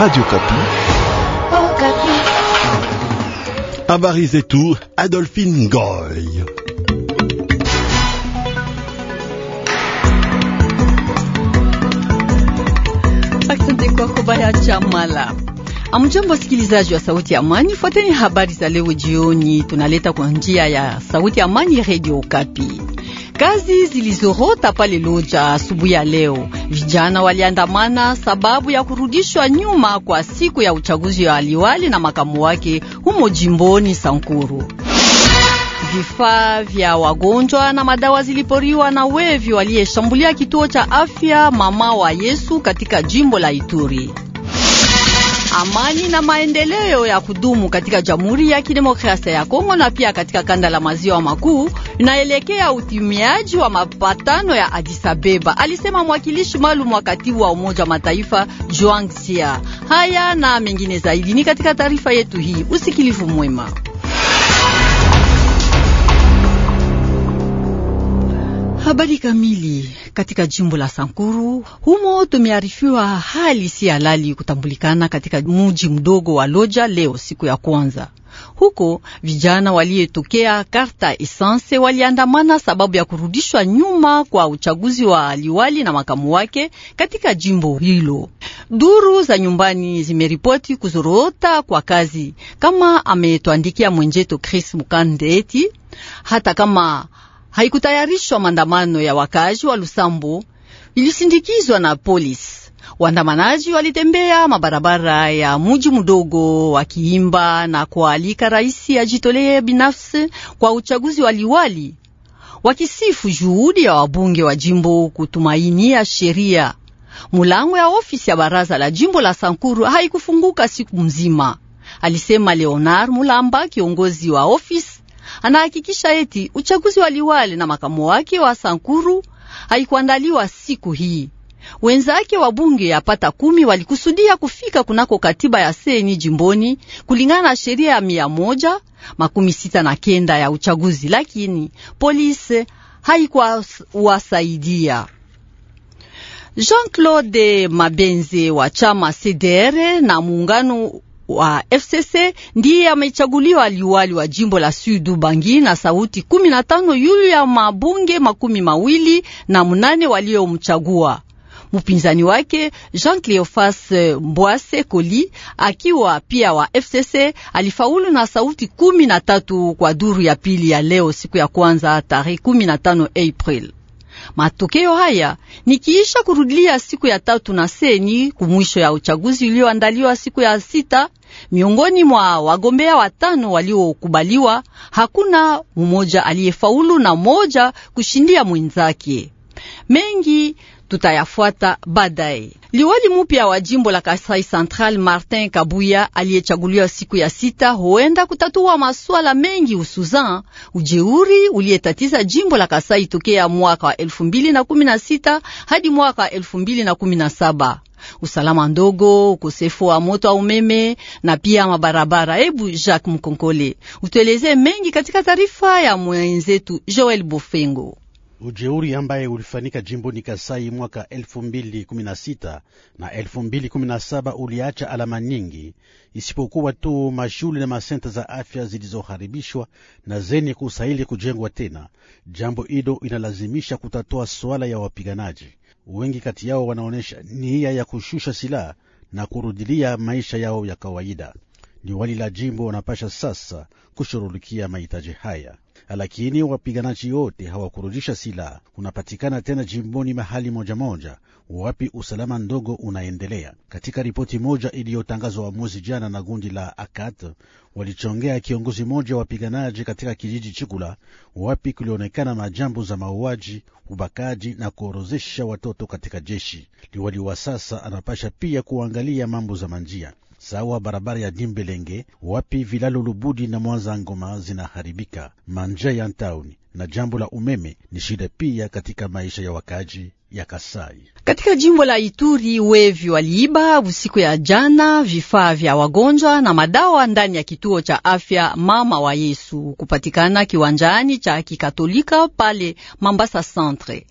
Radio oh, Kapi. Habari zetu, Adolphine Goy. Asante kwa kubali ya chamala. Amjambo wasikilizaji wa Sauti ya Amani, fuateni habari za leo jioni, tunaleta kwa njia ya Sauti ya Amani, Radio Kapi. Kazi zilizorota pale Loja asubuhi ya leo, vijana waliandamana sababu ya kurudishwa nyuma kwa siku ya uchaguzi wa aliwali na makamu wake humo jimboni Sankuru. Vifaa vya wagonjwa na madawa ziliporiwa na wevi waliyeshambulia kituo cha afya Mama wa Yesu katika jimbo la Ituri. Amani na maendeleo ya kudumu katika Jamhuri ya Kidemokrasia ya Kongo na pia katika kanda la maziwa makuu inaelekea utumiaji wa mapatano ya Addis Abeba, alisema mwakilishi maalum wa katibu wa Umoja wa Mataifa Joang Sia. Haya na mengine zaidi ni katika taarifa yetu hii. Usikilivu mwema. Habari kamili katika jimbo la Sankuru humo, tumearifiwa hali si halali kutambulikana katika muji mdogo wa Loja leo siku ya kwanza. Huko vijana waliyetokea karta esanse waliandamana sababu ya kurudishwa nyuma kwa uchaguzi wa liwali na makamu wake katika jimbo hilo. Duru za nyumbani zimeripoti kuzorota kwa kazi, kama ametuandikia mwenjeto Chris Mukandeti, hata kama haikutayarishwa maandamano ya wakazi wa Lusambo, ilisindikizwa na polisi. Waandamanaji walitembea mabarabara ya muji mdogo wakiimba na kualika raisi ajitolee binafsi kwa uchaguzi wa liwali, wakisifu juhudi ya wabunge wa jimbo kutumainia sheria. Mulango ya ofisi ya baraza la jimbo la Sankuru haikufunguka siku mzima, alisema Leonard Mulamba, kiongozi wa ofisi anahakikisha eti uchaguzi wa liwali na makamu wake wa Sankuru haikuandaliwa siku hii. Wenzake wa bunge yapata kumi walikusudia kufika kunako katiba ya seni jimboni kulingana na sheria ya mia moja makumi sita na kenda ya uchaguzi, lakini polisi haikuwasaidia. Jean-Claude Mabenze wa chama CDR na muungano wa FCC ndiye amechaguliwa liwali wa jimbo la Sud Ubangi na sauti kumi na tano yulu ya mabunge makumi mawili na munane waliomchagua. Mpinzani wake Jean Cleofas eh, Mbwase Koli akiwa pia wa FCC alifaulu na sauti kumi na tatu kwa duru ya pili ya leo siku ya kwanza tarehe 15 April. Matokeo haya nikiisha kurudilia siku ya tatu na seni kumwisho ya uchaguzi ulioandaliwa siku ya sita. Miongoni mwa wagombea watano waliokubaliwa, hakuna mmoja aliyefaulu na moja kushindia mwenzake. Mengi tutayafuata baadaye. Liwali mupya wa jimbo la Kasai Central Martin Kabuya aliyechaguliwa siku ya sita huenda kutatua masuala mengi, hususan ujeuri uliyetatiza jimbo la Kasai tokea mwaka wa sita hadi mwaka wa saba usalama ndogo, ukosefu wa moto wa umeme na pia mabarabara. Hebu Jacques Mkonkole utueleze mengi katika taarifa ya mwenzetu Joel Bofengo. Ujeuri ambaye ulifanyika jimboni Kasai mwaka 2016 na 2017 uliacha alama nyingi, isipokuwa tu mashule na masenta za afya zilizoharibishwa na zenye kusaili kujengwa tena. Jambo hilo inalazimisha kutatua swala ya wapiganaji. Wengi kati yao wanaonyesha nia ya kushusha silaha na kurudilia maisha yao ya kawaida. Liwali la jimbo wanapasha sasa kushughulikia mahitaji haya, lakini wapiganaji wote hawakurudisha silaha. Kunapatikana tena jimboni mahali moja moja wapi usalama ndogo unaendelea. Katika ripoti moja iliyotangazwa mwezi jana na gundi la AKAT walichongea kiongozi mmoja wa wapiganaji katika kijiji Chikula wapi kulionekana majambo za mauaji, ubakaji na kuorozesha watoto katika jeshi. Liwali wa sasa anapasha pia kuangalia mambo za manjia sawa barabara ya Dimbelenge wapi vilalo Lubudi na Mwanza Ngoma zinaharibika, manja ya ntauni na jambo la umeme ni shida pia katika maisha ya wakaji ya Kasai. Katika jimbo la Ituri, wevi waliiba usiku ya jana vifaa vya wagonjwa na madawa ndani ya kituo cha afya Mama wa Yesu kupatikana kiwanjani cha Kikatolika pale Mambasa Centre.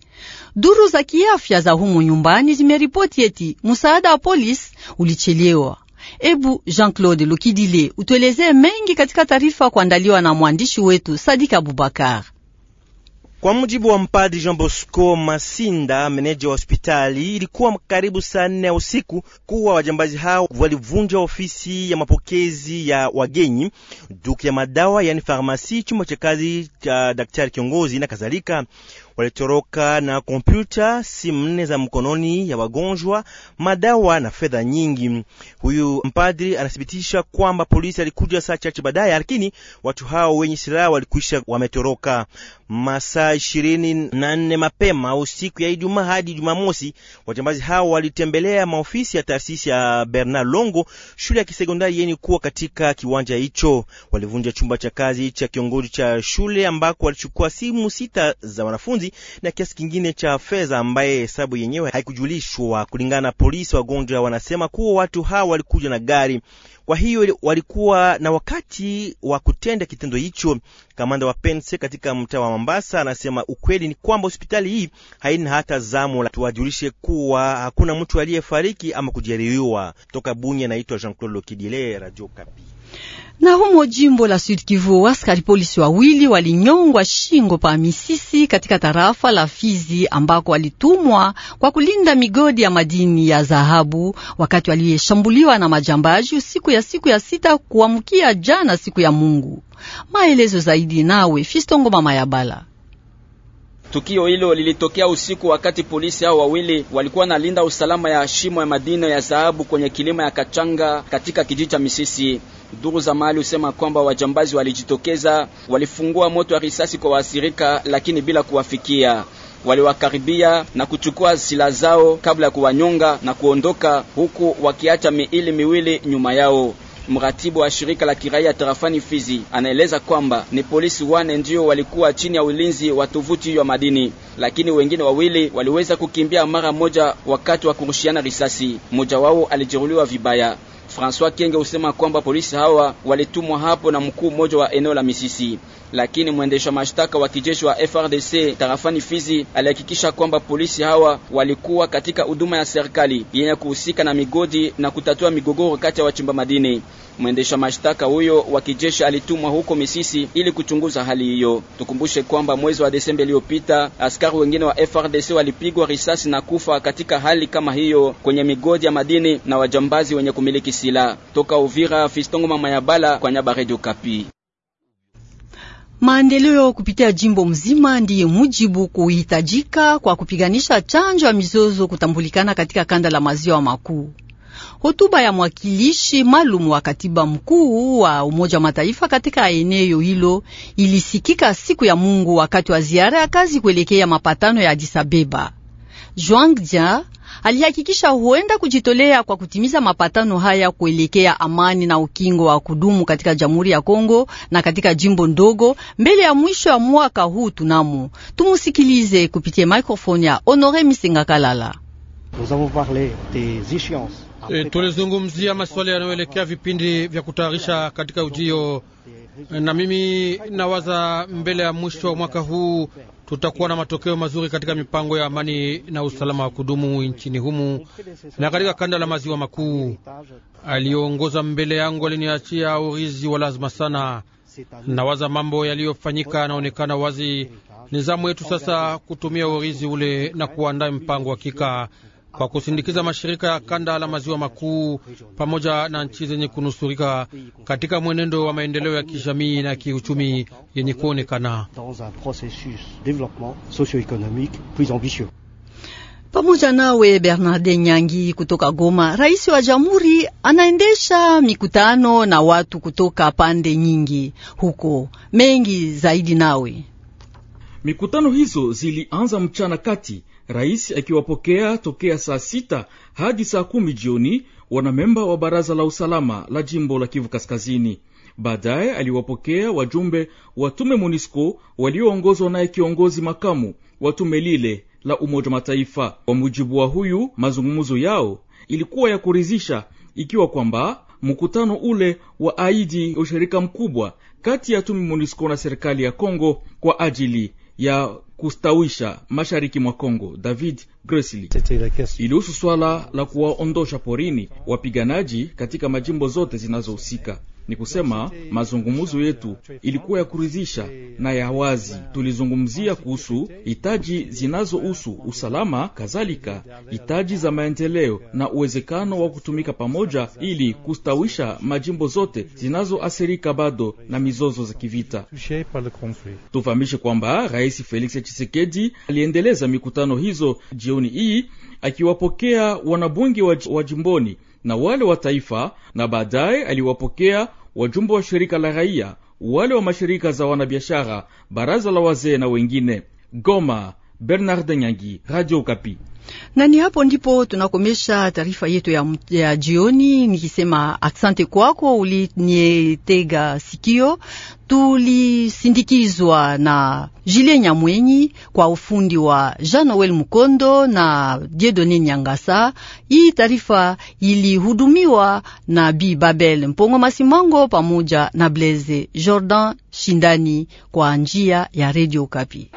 Duru za kiafya za humu nyumbani zimeripoti eti msaada wa polisi ulichelewa Ebu Jean-Claude Lukidile utueleze mengi katika taarifa kuandaliwa na mwandishi wetu sadika Abubakar. Kwa mujibu wa mpadri Jean Bosco Masinda, meneja wa hospitali, ilikuwa karibu saa nne ya usiku kuwa wajambazi hao walivunja ofisi ya mapokezi ya wagenyi, duka ya madawa, yani farmasi, chumba cha kazi cha daktari kiongozi na kadhalika walitoroka na kompyuta, simu nne za mkononi ya wagonjwa, madawa na fedha nyingi. Huyu mpadri anathibitisha kwamba polisi alikuja saa chache baadaye, lakini watu hao wenye silaha walikwisha wametoroka. Masaa ishirini na nne mapema usiku ya Ijumaa hadi Jumamosi, wajambazi hao walitembelea maofisi ya taasisi ya Bernard Longo, shule ya kisekondari yenye kuwa katika kiwanja hicho. Walivunja chumba cha kazi cha kiongozi cha shule ambako walichukua simu sita za wanafunzi wanafunzi na kiasi kingine cha fedha ambaye hesabu yenyewe haikujulishwa. Kulingana na polisi, wagonjwa wanasema kuwa watu hawa walikuja na gari, kwa hiyo walikuwa na wakati wa kutenda kitendo hicho. Kamanda wa Pense katika mtaa wa Mombasa anasema ukweli ni kwamba hospitali hii haina hata zamu la tuwajulishe kuwa hakuna mtu aliyefariki ama kujeruhiwa. Toka Bunya, naitwa Jean Claude Lokidile, Radio Kapi. Na humo jimbo la Sud Kivu, askari polisi wawili walinyongwa shingo pa Misisi katika tarafa la Fizi ambako walitumwa kwa kulinda migodi ya madini ya dhahabu wakati waliyeshambuliwa na majambaji usiku ya siku ya sita kuamkia jana siku ya Mungu. Maelezo zaidi nawe Fistongo mama ya Bala. Tukio hilo lilitokea usiku wakati polisi hao wawili walikuwa nalinda usalama ya shimo ya madini ya dhahabu kwenye kilima ya Kachanga katika kijiji cha Misisi. Duru za mahali husema kwamba wajambazi walijitokeza, walifungua moto ya risasi kwa wasirika lakini bila kuwafikia waliwakaribia na kuchukua silaha zao kabla ya kuwanyonga na kuondoka, huku wakiacha miili miwili nyuma yao. Mratibu wa shirika la kiraia tarafani Fizi anaeleza kwamba ni polisi wane ndio walikuwa chini ya ulinzi wa tovuti hiyo ya madini, lakini wengine wawili waliweza kukimbia mara moja wakati wa kurushiana risasi. Mmoja wao alijeruhiwa vibaya. François Kenge usema kwamba polisi hawa walitumwa hapo na mkuu mmoja wa eneo la Misisi lakini mwendesha mashtaka wa kijeshi wa FRDC tarafani Fizi alihakikisha kwamba polisi hawa walikuwa katika huduma ya serikali yenye kuhusika na migodi na kutatua migogoro kati ya wachimba madini. Mwendesha mashtaka huyo wa kijeshi alitumwa huko Misisi ili kuchunguza hali hiyo. Tukumbushe kwamba mwezi wa Desemba iliyopita askari wengine wa FRDC walipigwa risasi na kufa katika hali kama hiyo kwenye migodi ya madini na wajambazi wenye kumiliki silaha. Toka Uvira, Fistongo Mama ya Bala kwa Nyaba, Radio Kapi maendeleo kupitia jimbo mzima ndiye mujibu kuhitajika kwa kupiganisha chanjo ya mizozo kutambulikana katika kanda la maziwa makuu. Hotuba ya mwakilishi maalum wa katiba mkuu wa Umoja wa Mataifa katika eneo hilo ilisikika siku ya Mungu wakati wa ziara ya kazi kuelekea mapatano ya Addis Abeba alihakikisha huenda kujitolea kwa kutimiza mapatano haya kuelekea amani na ukingo wa kudumu katika Jamhuri ya Kongo na katika jimbo ndogo mbele ya mwisho ya mwaka huu tunamo. Tumusikilize kupitia mikrofoni ya Honore Misenga Kalala. E, tulizungumzia maswali yanayoelekea vipindi vya kutayarisha katika ujio, eh, na mimi nawaza mbele ya mwisho wa mwaka huu tutakuwa na matokeo mazuri katika mipango ya amani na usalama wa kudumu nchini humu na katika kanda la maziwa makuu. Aliyoongoza mbele yangu aliniachia urizi wa lazima sana. Nawaza mambo yaliyofanyika yanaonekana wazi. Nizamu yetu sasa kutumia urizi ule na kuandaa mpango hakika kwa kusindikiza mashirika ya kanda la maziwa makuu pamoja na nchi zenye kunusurika katika mwenendo wa maendeleo ya kijamii na kiuchumi yenye kuonekana. Pamoja nawe Bernarde Nyangi kutoka Goma. Rais wa jamhuri anaendesha mikutano na watu kutoka pande nyingi huko, mengi zaidi nawe. Mikutano hizo zilianza mchana kati rais akiwapokea tokea saa sita hadi saa kumi jioni wanamemba wa baraza la usalama la jimbo la Kivu Kaskazini. Baadaye aliwapokea wajumbe wa tume MONUSCO walioongozwa naye kiongozi makamu wa tume lile la Umoja Mataifa. Kwa mujibu wa huyu, mazungumzo yao ilikuwa ya kuridhisha, ikiwa kwamba mkutano ule wa aidi ushirika mkubwa kati ya tume MONUSCO na serikali ya Kongo kwa ajili ya kustawisha mashariki mwa Kongo David Gresly ilihusu swala la kuwaondosha porini wapiganaji katika majimbo zote zinazohusika. Ni kusema mazungumzo yetu ilikuwa ya kuridhisha na ya wazi. Tulizungumzia kuhusu hitaji zinazohusu usalama, kadhalika hitaji za maendeleo na uwezekano wa kutumika pamoja ili kustawisha majimbo zote zinazoathirika bado na mizozo za kivita. Tufahamishe kwamba Rais Felix Tshisekedi aliendeleza mikutano hizo jioni hii akiwapokea wanabunge wa jimboni na wale wa taifa, na baadaye aliwapokea wajumbe wa shirika la raia, wale wa mashirika za wanabiashara, baraza la wazee na wengine. Goma, Bernard Nyangi, Radio Kapi. Na ni hapo ndipo tunakomesha taarifa yetu ya, ya jioni, nikisema aksante kwako ulinietega sikio. Tulisindikizwa na Jile Nyamwenyi kwa ufundi wa Jean Noel Mukondo na Diedone Nyangasa. Hii taarifa ilihudumiwa na Bi Babel Mpongo Masimango pamoja na Blaise Jordan Shindani kwa njia ya Radio Kapi.